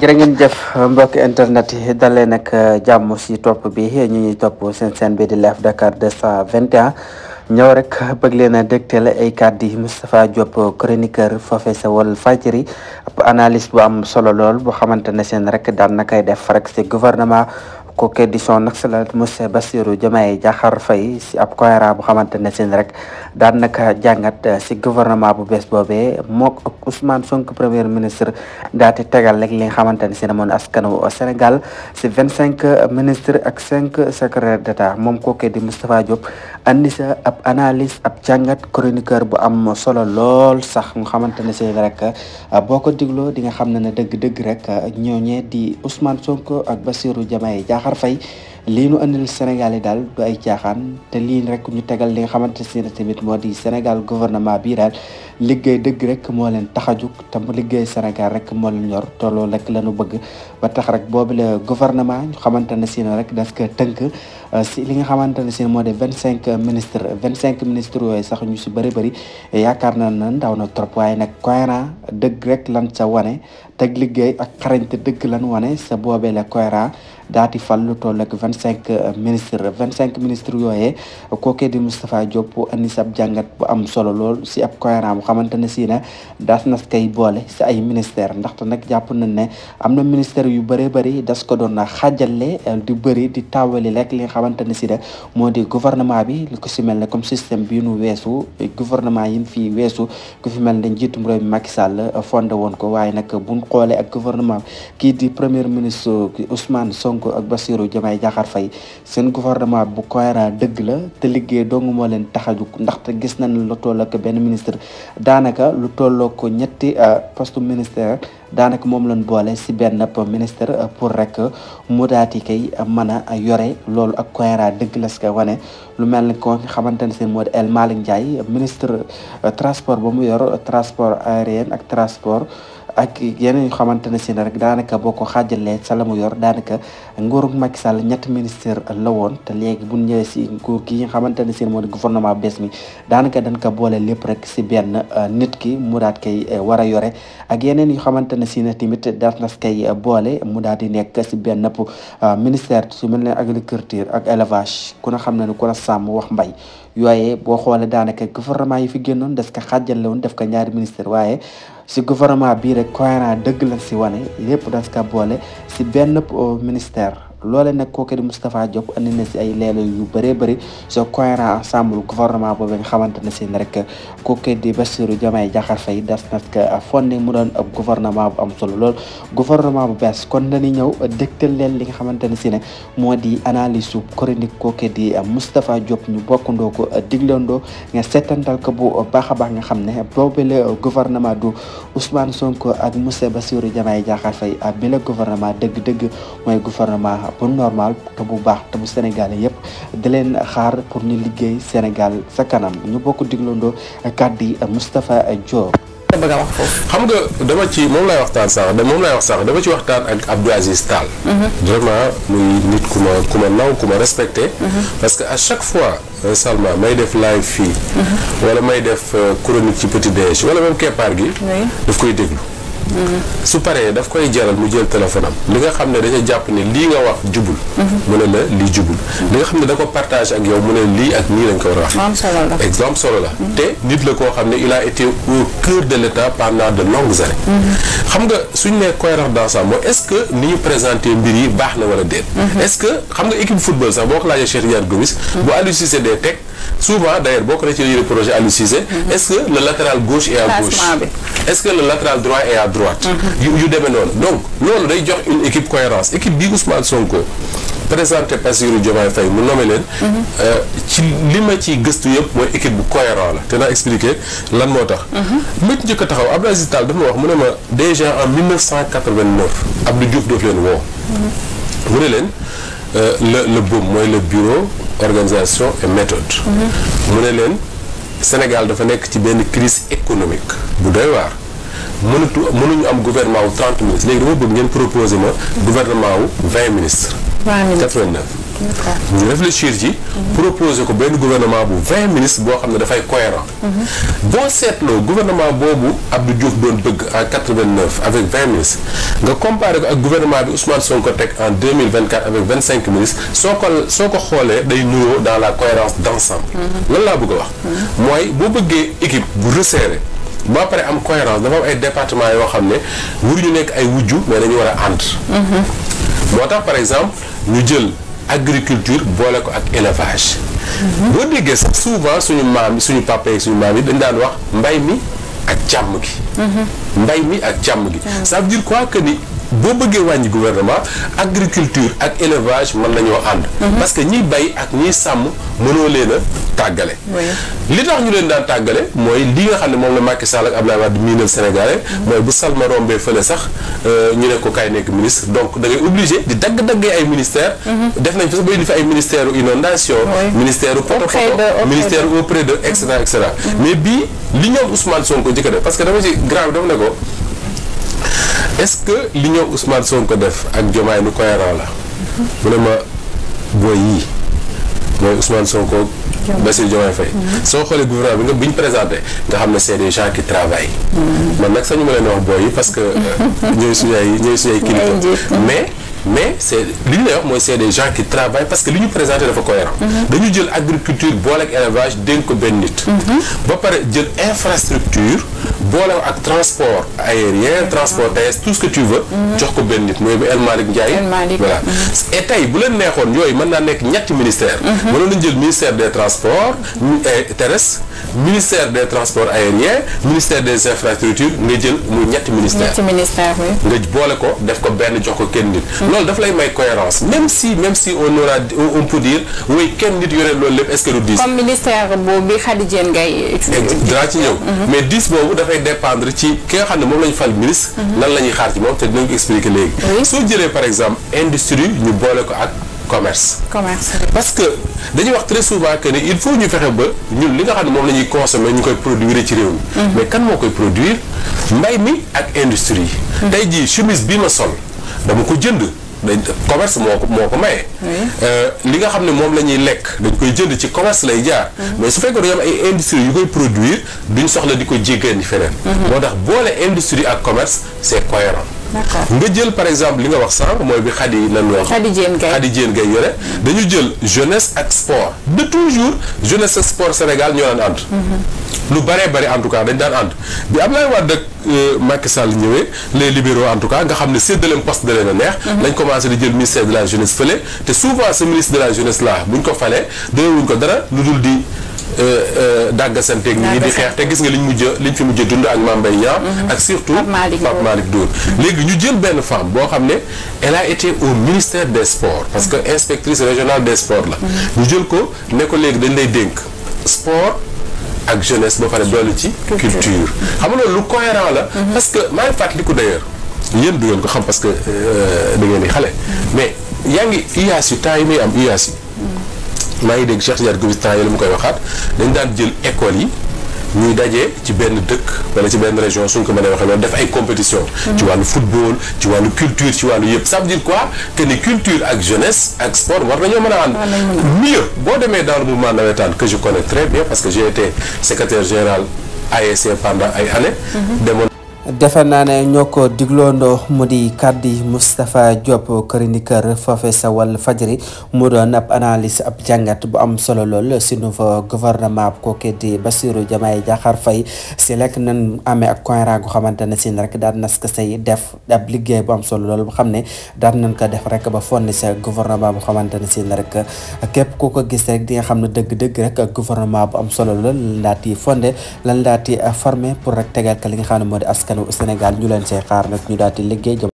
jërë ngeen jëf mbokk internet yi dalee nag euh, jàmm si topp bi ñu ñuy topp seen seen bi di Live Dakar 221 ñëw rek bëgg leen a dégteel ay kàddu yi Moustapha Diop chroniqueur foofee sa wal fajri ab analyse bu am solo lool bu xamante ne seen rek daan na koy def rek si kooku di son salat monsieur Bassirou Diomaye Diakhar Faye si ab koera bu xamante ne seen rek daanaka jàngat eh, si gouvernement bu bees Mok Usman ak Ousmane Sonko premier ministre daati tegal lek li nga xamante ne si na askanu Sénégal si vingt eh, ministre ak cinq secrétaire d'état moom kooku di Moustapha Diop andi ab analyse ab jangat chroniqueur bu am solo lol sax nga xamante ne seen rek eh, boo ko digloo di nga xam ne ne dëgg rek ñooñee di Ousmane Sonko ak Bassirou Diomaye Diakhar Babacar Faye lii nu indi Sénégal daal du ay caaxaan te lii rek ñu tegal li nga xamante ne tamit moo di Sénégal gouvernement bii daal liggéey dëgg rek moo leen tax a jug te mu liggéey Sénégal rek moo ñor te rek la ñu bëgg ba tax rek boobu la gouvernement xamante ne si rek das ko tënk euh, si li nga xamante ne si ne moo di vingt cinq ministre vingt cinq ministre yooyu sax ñu si bëri bëri yaakaar na na ndaw na trop waaye nag cohérent dëgg rek lan ca wane teg liggéey ak xarañte dëgg lan wane sa boobee la cohérent daati fal lu toll ak vingt euh, cinq ministre vingt cinq ministre yooyee kookee di Moustapha Diop andi sab jàngat bu am solo lool si ab cohérent bu xamante ne si na daas nas kay boole si ay ministère ndaxte nag jàpp nañ ne am na ministère yu bëree bëri das ko doon xaajale euh, di bëri di taawali rek li nga xamante ne si na moo di gouvernement bi li ko si mel ne comme système bi nu weesu gouvernement yi fii weesu ku fi mel ne njiitum réew mi Macky Sall euh, fondé woon ko waaye nag buñ xoolee ak gouvernement kii di premier ministre Ousmane Sonko ko ak Bassirou Diomaye Diakhar fay seen gouvernement bu cohérent dëgg la te liggéey dongumoo leen tax a jug ndaxte gis nañ lu tollook benn ministre daanaka lu tolloo ko ñetti euh, poste ministère daanaka moom lañ boole si benn ministre euh, pour rek mu daati kay mën a yore loolu ak cohérent dëgg la si ko wane lu mel ni ko xamante ne seen moo di El Malick Ndiaye ministre euh, transport ba mu yor transport aérien ak transport ak yeneen yoo xamante ne si rek daanaka boo ko xaajalee sa la mu yor daanaka nguurug Macky Sall ñett ministère la woon te léegi bu ñëwee si nguur kii nga xamante ne si moo di gouvernement bees mi daanaka dañ ko boole lépp rek si benn euh, nit ki mu daat koy euh, war a yore ak yeneen yoo xamante ne si ne daat nas koy euh, boole mu daal di nekk si benn nëpp ministère su mel ne agriculture ak élevage ku ne xam ne ne ku la sàmm wax mbay yooye boo xoolee daanaka gouvernement yi fi génnoon des ko xaajale woon def ko ñaari ministère waaye si gouvernement bii rek cohérent dëgg la si wane lépp dañ si ka boole si benn euh, ministère loole nag kooku di Moustapha Diop andi na si ay leelo yu bëree bëri so cohérent ensemble gouvernement boobu nga xamante ne si rek kooku di Bassirou Diomaye Diakhar Faye def nag fonni mu doon a gouvernement bu am solo lool gouvernement bu bees kon dañuy ñëw dégtal leen li nga xamante ne si ne moo di analyse su chronique kooku di Moustapha Diop ñu bokkandoo ko diglandoo nga ko bu baax a baax nga xam ne boobule gouvernement du Ousmane Sonko ak Moussa Bassirou Diomaye Diakhar Faye bi la gouvernement dëgg-dëgg mooy gouvernement bu normal te bu baax te bu sénégalais yépp di leen xaar pour ñu liggéey Sénégal sa kanam ñu bokk diglondo kàddu yi Diop. xam nga dama ci moom lay waxtaan sax da moom lay wax sax dama ci waxtaan ak Abdou Aziz Tall. Mhm. vraiment muy nit ku ma ku ma naw ku ma respecté. Mhm. parce que à chaque fois euh, Salma may def live fii. Mhm. wala may def euh, chronique ci petit déj wala même keppaar gi. daf koy déglu su paree daf koy jaral mu jël téléphone am li nga xam ne dañuy jàpp ne lii nga wax jubul mu ne la lii jubul li nga xam ne da ko partage ak yow mu ne lii ak nii lañ ko war a wax exemple solo la te nit la koo xam ne il a été au cœur de l'état pendant de longues années xam nga suñ ne cohérence dans ça mooy est-ce que ni ñu présenté mbir yi baax na wala déet mhm. est-ce que xam nga équipe football sax boo ko laajee Cheikh Ndiaye Gomis bu Aliou Cissé dee teg souvent d'ailleurs boo ko retiré le projet Aliou Cissé mhm. est-ce que le latéral gauche est à gauche est-ce que droit est à droite mhm. yu yu noonu donc loolu day jox une équipe cohérence équipe bi Ousmane Sonko présenté Bassirou Diomaye Faye mu nommé leen mhm. euh, ci li ma ciy gëstu yëpp mooy équipe bu cohérent la te naa expliqué lan moo tax mét njëkk a taxaw Abdou Aziz Tall ma wax mu ne ma déjà en 1989 Abdou Diouf daf leen woo mu ne leen Euh, le la BOM mooy le bureau organisation et méthode. Mhm. mu ne leen Sénégal dafa nekk ci benn crise économique bu doy waar. mënatu mënuñu am gouvernement wu 30 ministres léegi dama bëgg ngeen proposer ma gouvernement wu 20 ministre 20 ministres 89. ñu réfléchir ci proposer ko benn gouvernement bu vingt ministres boo xam ne dafay cohérent boo seetloo gouvernement boobu ab Abdou Diouf doon bëgg en quatre-vingt-neuf avec vingt nga comparé ko ak gouvernement bi Ousmane Sonko teg en deux mille vingt-quatre avec vingt cinq ministres soo ko soo ko xoolee day nuyoo dans la cohérence d'ensemble lan laa bëgg wax mooy boo bëggee équipe bu resserrée baa pare am cohérence dafa am ay département yoo xam ne ñu nekk ay wujju mais dañu war a ànd mhm. moo tax par exemple ñu jël agriculture boole ko ak élevage. boo déggee sax souvent suñu maam yi suñu papa yi suñu maam yi dañ daan wax mbay mi ak càmm gi. Mhm. mbay mi ak càmm gi. Ah. ça dire quoi que ni vous avez du gouvernement agriculture et élevage man mhm. parce que ñi bay ak ñi mëno leena tagalé li tax ñu leen da li nga mom la Macky Sall ak Abdoulaye Wade sénégalais. moy mhm. bu Salma Rombé feulé sax euh, ñu ne ko kay ministre donc da ngay obligé di dag dag ay ministère mhm. def nañ de l'inondation, inondation. ministère ministère auprès de et etc. mais bi li ñoom Ousmane Sonko parce que dama ci grave est-ce que li ñëw Ousmane Sonko def ak Diomaye lu cohérent la. mu ne ma booy yii mooy Ousmane Sonko. Bassirou Diomaye Faye. Mm-hmm. soo xoolee gouvernement bi nga bi ñu présenté nga xam ne c'est des gens qui travaillent. Mm-hmm. man nag sañu ma leen wax booy yi parce que. Euh, ñooy suñu ay ñooy suñu mais. mais c'est l'univers, moi c'est des gens qui travaillent parce que li présenter présenté dafa de mhm. dañu jël agriculture boole ak élevage dénk ko benn nit mhm. ba infrastructures jël infrastructure ak transport aérien transport terrestre tout ce que tu veux mhm. jox ko Moi, elle m'a dit El Et Ndiaye voilà et tey bu y neexoon maintenant avec naa ministère le jël ministère des transports eh, terrestres ministère des transports aériens ministère des infrastructures nga jël un autre ministère nga boole ko def ko benn jox ko kenn nit lol daf lay may cohérence même si même si on aura on peut dire oui kenn nit yoré lol lépp est-ce que du diis. comme ministère boobu bi Khady ngay. Eh, dara ci ñëw mhm. mais diis boobu dafay dépendre ci ki nga xam ne moom fal ministre. Mhm. lan lañuy xaar ci mom té dinañ ko expliquer légui so jëlé par exemple industrie ñu bolé ko ak. commerce. commerce parce que dañuy wax très souvent que ni il faut ñu fexé ba ñun li nga xamne mom lañuy consommer ñukoy produire ci réew mi. Mhm. mais kan mo koy produire mbay mi ak industrie tay ji chemise bi ma sol dama ko jënd. dañ commerce moo ko moo ko maye. Euh, li nga xam ne moom la ñuy lekk dañ koy jënd ci commerce lay jaar. Mm-hmm. mais su fekkee dañoo am ay industrie yu koy produit duñ soxla di ko jéggaani feneen. Mm-hmm. moo tax boole industrie ak commerce c'est cohérent. nga jël par exemple li nga wax sànq moy bi Khady nan wax. Khady Diène Gaye Khady Diène yore. dañu jël jeunesse ak sport de toujours jeunesse ak sport Sénégal ñu lan ànd. Mhm. lu bëree bëri en tout cas dañ daan ànd bi Ablaye Wade de euh, Macky Sall ñëwé les libéraux en tout cas nga xamné ne séddaleem poste da leen a neex. Mhm. lañ commencé di jël ministère de la jeunesse fële te souvent ce ministre de la jeunesse là buñ ko falee déwéwuñ ko dara lu dul di dàggasanteeg nit ñi di xeex te les nga liñ mujj liñ fi mujj dund ak mhm. ak surtout Pape Malik Ndour mhm. léegi ñu jël femme bon xam elle a été au ministère des sports parce que mhm. inspectrice régionale des sports la ñu jël ko collègues ko léegi dañ lay sport ak jeunesse ba pare de culture xam nga lu cohérent la parce que mal ngi fàttaliku d'ailleurs il du ngeen ko parce que euh, mais il ya a yu temps yi muy am IAS maa ngi dégg Cheikh Tidiane Gomis temps yële mu koy waxaat dañ daan jël école yi ñuy dajee ci benn dëkk wala ci benn région suñ ko mënee waxee loolu def ay compétition mm-hmm. ci wàllu football ci wàllu culture ci wàllu yëpp ça veut dire quoi que ni culture ak jeunesse ak sport war nañoo mën a ànd mieux boo dans le mouvement nawetaan que je connais très bien parce que j'ai été secrétaire général ASC e pendant ay années mm-hmm. defe naa ne ñoo ko digloondoo mu di kàddi Moustapha Diop chroniqueur foofe sa wal fajiri mu doon ab analyse ab jàngat bu am solo lool si nouveau gouvernement bu kooku di Bassirou Diomaye Diakhar Faye si lekk nan amee ak cohérent gu xamante ne si rek daan nas ko say def ab liggéey bu solo lool bu xam ne daan nañ ko def rek ba fonni sa gouvernement bu xamante ne si rek képp ku ko gis rek di nga xam ne dëgg-dëgg rek gouvernement bu am solo lool lan daati fondé lan daati formé pour rek tegal ko li nga xam ne moo di askanu Sénégal ñu leen see xaar nag ñu daal di liggéey